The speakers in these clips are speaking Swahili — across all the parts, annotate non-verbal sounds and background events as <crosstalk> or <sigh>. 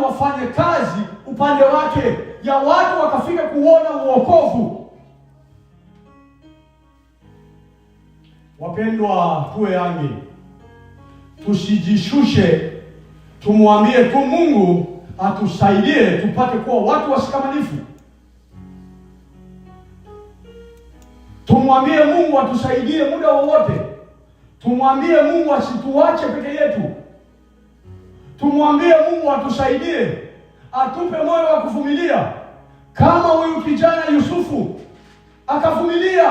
watu wafanye kazi upande wake, ya watu wakafika kuona uokovu. Wapendwa, tuwe yangi, tusijishushe, tumwambie tu Mungu atusaidie tupate kuwa watu wasikamilifu. Tumwambie Mungu atusaidie muda wowote, tumwambie Mungu asituache peke yetu. Tumwambie Mungu atusaidie, atupe moyo wa kuvumilia, kama huyu kijana Yusufu akavumilia,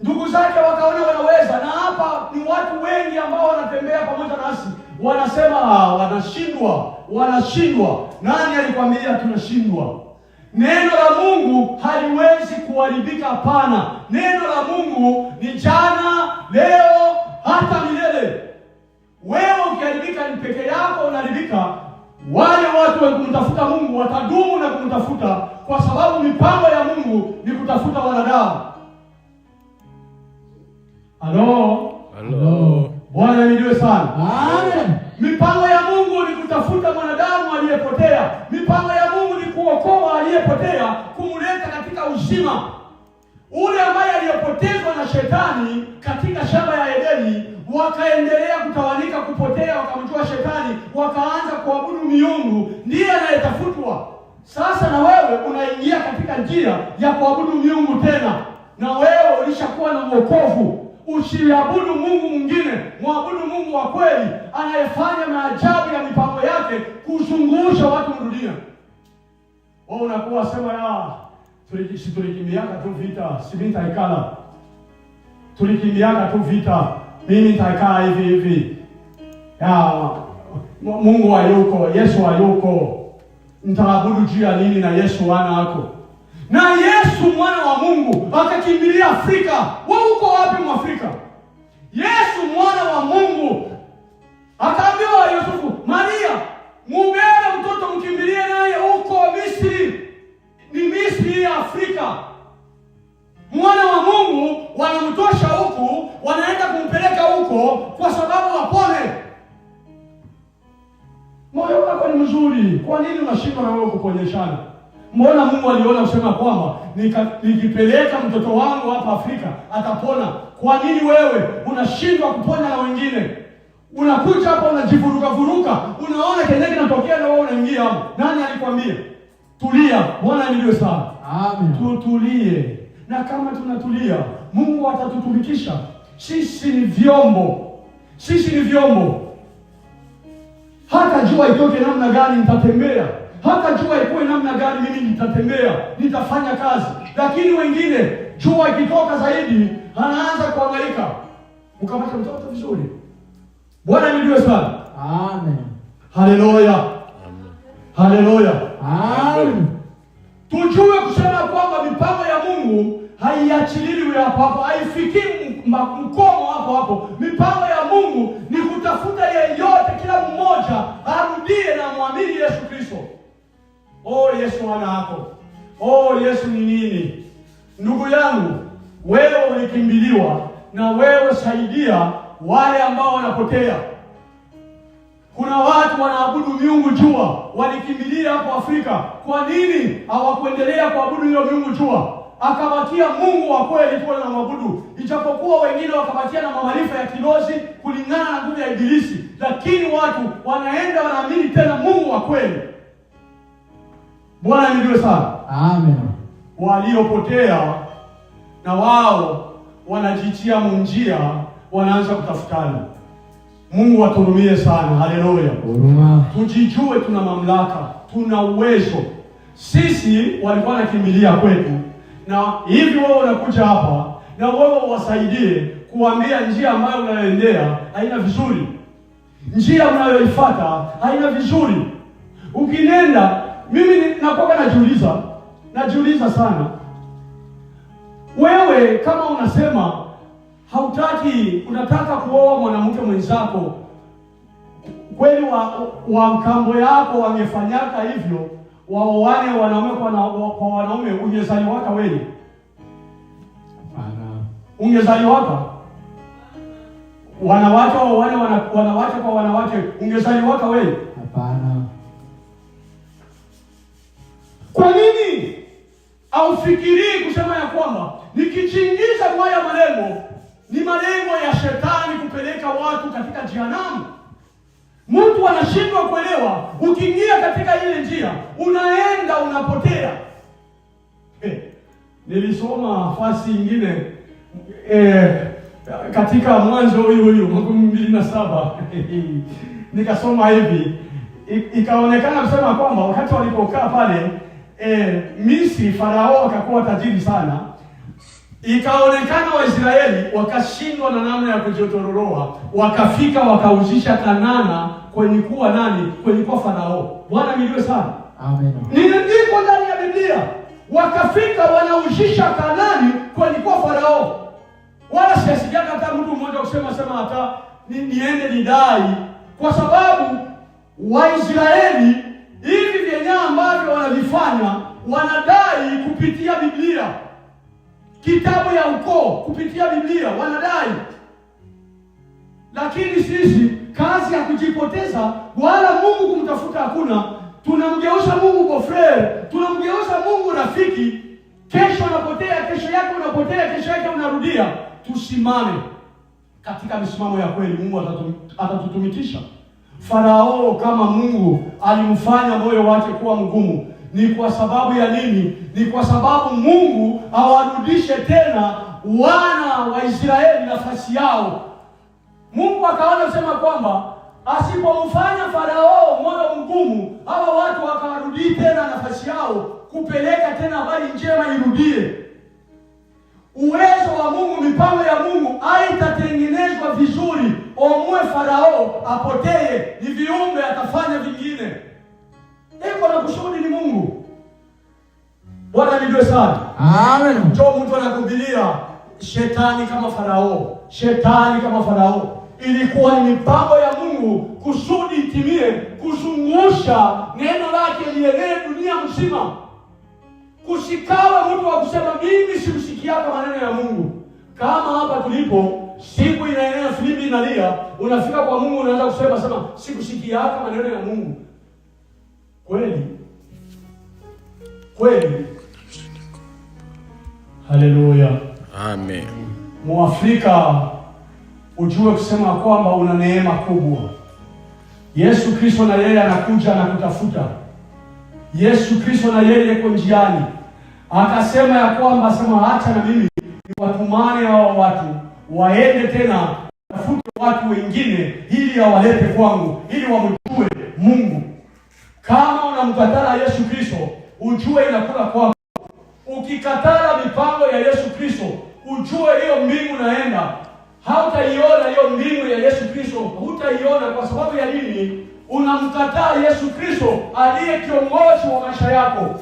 ndugu zake wakaona wanaweza. Na hapa ni watu wengi ambao wanatembea pamoja nasi wanasema ah, wanashindwa, wanashindwa. Nani alikwambia tunashindwa? Neno la Mungu haliwezi kuharibika. Hapana, neno la Mungu ni jana, leo, hata milele. Wewe ukiharibika ni peke yako unaharibika, wale watu wa kumtafuta Mungu watadumu na kumtafuta, kwa sababu mipango ya Mungu ni kutafuta wanadamu. Halo, halo, Bwana nijue sana. Amen. Mipango ya Mungu ni kutafuta mwanadamu aliyepotea. Mipango ya Mungu ni kuokoa aliyepotea, kumleta katika uzima ule ambaye aliyepotezwa na shetani katika shamba ya Edeni, wakaendelea kutawa miungu ndiye anayetafutwa. Sasa na wewe unaingia katika njia ya kuabudu miungu tena, na wewe ulishakuwa na wokovu. Usiabudu mungu mwingine, mwabudu Mungu wa kweli anayefanya maajabu ya mipango yake kuzungusha watu dunia. Wewe unakuwa sema ya ah, tuliki tulikimbiaka tu vita, si mimi nitaikala, tulikimbiaka tu vita, mimi nitaikaa hivi hivi ya Mungu hayuko, Yesu hayuko, nitaabudu juu ya nini na Yesu wana wako? Na Yesu mwana wa Mungu akakimbilia Afrika. Wewe uko wapi Mwafrika? Yesu mwana wa Mungu akaambiwa Yusufu, Maria mubebe mtoto mkimbilie naye huko Misri. Ni Misri ya Afrika. Mwana wa Mungu wanamtosha huku, wanaenda kumpeleka huko kwa sababu wapone Moyo wako ni mzuri, kwa nini unashindwa na wewe kuponyeshana? Mbona Mungu aliona kusema kwamba nikipeleka mtoto wangu hapa Afrika atapona? Kwa nini wewe unashindwa kuponya na wengine? Unakuja hapa unajivuruka vuruka, unaona kile kinatokea na wewe unaingia hapo. Nani alikwambia? Tulia. Bwana alivyo sana. Amen. Tutulie, na kama tunatulia Mungu atatutumikisha. Sisi ni vyombo, sisi ni vyombo hata jua itoke namna gani nitatembea, hata jua ikuwe namna gani mimi nitatembea, nitafanya kazi. Lakini wengine jua ikitoka zaidi anaanza kuangaika. Ukamata mtoto vizuri. Bwana nijue sana. Amen. Haleluya. Amen. Haleluya. Amen. Tujue kusema kwamba mipango ya Mungu haiachiliwi hapo hapo, haifikii mkomo hapo hapo. Mipango ya Mungu ni kutafuta yeyote, kila mmoja arudie na mwamini Yesu Kristo. Oh, Yesu mwana wako, oh, Yesu ni nini? Ndugu yangu, wewe ulikimbiliwa, na wewe saidia wale ambao wanapotea. Kuna watu wanaabudu miungu jua, walikimbilia hapo Afrika. Kwa nini hawakuendelea kuabudu hiyo miungu jua? akabakia Mungu wa kweli tuwe na mwabudu, ijapokuwa wengine wakabakia na maarifa ya kilozi kulingana na nguvu ya Ibilisi, lakini watu wanaenda wanaamini tena Mungu wa kweli. Bwana nijue sana amen. Waliopotea na wao wanajitia munjia, wanaanza kutafutana. Mungu watuhurumie sana. Haleluya, huruma. Tujijue tuna mamlaka, tuna uwezo. Sisi walikuwa wanakimbilia kwetu na hivi wewe unakuja hapa na wewe uwasaidie kuambia njia ambayo unayoendea haina vizuri, njia unayoifuata haina vizuri. Ukinenda mimi nakoga, najiuliza najiuliza sana, wewe kama unasema hautaki, unataka kuoa mwanamke mwenzako kweli, wa, wa mkambo yako wangefanyaka hivyo waoane wanaume kwa wanaume, ungezaliwaka wewe? Hapana, ungezaliwaka wanawake waoane wanawake kwa wanawake, ungezaliwaka wewe? Hapana. Kwa nini aufikirii kusema ya kwamba kwa kwaya malengo ni malengo ya shetani kupeleka watu katika jehanamu? Mtu anashindwa kuelewa, ukiingia katika ile njia unaenda unapotea. Eh, nilisoma fasi nyingine eh, katika Mwanzo huyu huyu makumi mbili na saba <laughs> nikasoma hivi ikaonekana kusema kwamba wakati walipokaa pale eh, Misri Farao akakuwa tajiri sana Ikaonekana Waisraeli wakashindwa na namna ya kujitororoa, wakafika wakauzisha Kanana kwenye kuwa nani, kwenye kuwa Farao. Bwana miliwe sana, amen. Niliandiko ndani ya Biblia, wakafika wanauzisha Kanani kwenye kuwa Farao. Wala siasijaga hata mtu mmoja kusema sema hata ni, niende nidai, kwa sababu Waisraeli hivi vyenyewe ambavyo wanavifanya wanadai kupitia Biblia kitabu ya ukoo kupitia Biblia wanadai, lakini sisi kazi ya kujipoteza wala Mungu kumtafuta hakuna. Tunamgeusha Mungu gofrer, tunamgeusha Mungu rafiki. Kesho unapotea, kesho yake unapotea, kesho yake unarudia. Tusimame katika misimamo ya kweli, Mungu atatutumikisha. Farao kama Mungu alimfanya moyo wake kuwa mgumu ni kwa sababu ya nini? Ni kwa sababu Mungu awarudishe tena wana wa Israeli nafasi yao. Mungu akaona sema kwamba asipomfanya Farao moyo mgumu, hawa watu wakawarudii tena nafasi yao, kupeleka tena habari njema irudie. Uwezo wa Mungu, mipango ya Mungu haitatengenezwa vizuri, omwe Farao apotee, ni viumbe atafanya vingine na kusudi ni Mungu. Bwana nijue sana. Amen. Jo, mtu anakubilia shetani kama Farao, shetani kama Farao. Ilikuwa ni mipango ya Mungu kusudi itimie, kuzungusha neno lake lienee dunia mzima, kusikawa mtu wa kusema mimi simsikiaka maneno ya Mungu. Kama hapa tulipo siku inaenea, filimbi inalia, unafika kwa Mungu unaanza kusema sema sikusikiaka maneno ya Mungu kweli kweli. Haleluya, amen. Mwafrika, ujue kusema kwamba una neema kubwa. Yesu Kristo na yeye anakuja na kutafuta Yesu Kristo na yeye yuko njiani, akasema ya kwamba sema, hata na mimi niwatumane hao watu waende tena watafute watu wengine, ili awalete kwangu, ili wamjue Mungu kama unamkatala Yesu Kristo, ujue inakula kwako. ukikatala mipango ya Yesu Kristo, ujue hiyo mbingu naenda, hautaiona hiyo mbingu ya Yesu Kristo, hutaiona. Kwa sababu ya nini? Unamkataa Yesu Kristo aliye kiongozi wa maisha yako.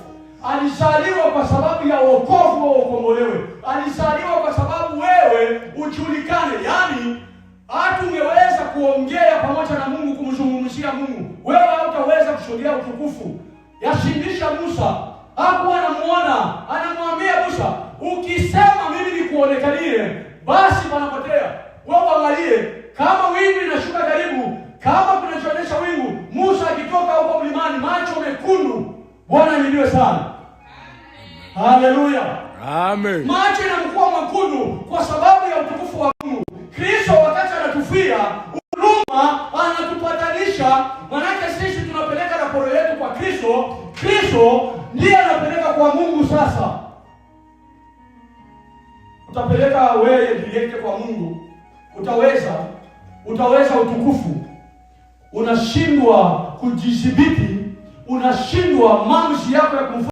Alizaliwa kwa sababu ya wokovu wa ukombolewe, alizaliwa kwa sababu wewe ujulikane, yaani hatungeweza kuongea pamoja na Mungu, kumzungumzia Mungu wewe hawezi kushuhudia utukufu. Yashindisha Musa, hakuwa anamuona, anamwambia Musa, ukisema mimi nikuonekanie basi panapotea. Wewe angalie kama wingu linashuka karibu, kama kunachoonyesha wingu, Musa akitoka huko mlimani, macho mekundu. Bwana anidiwe sana, haleluya, amen. Macho yanakuwa mekundu kwa sababu ya utukufu wa yetu kwa Kristo, Kristo ndiye anapeleka kwa Mungu. Sasa utapeleka wewe direct kwa Mungu, utaweza utaweza utukufu. Unashindwa kujidhibiti, unashindwa maamuzi yako ya kumfu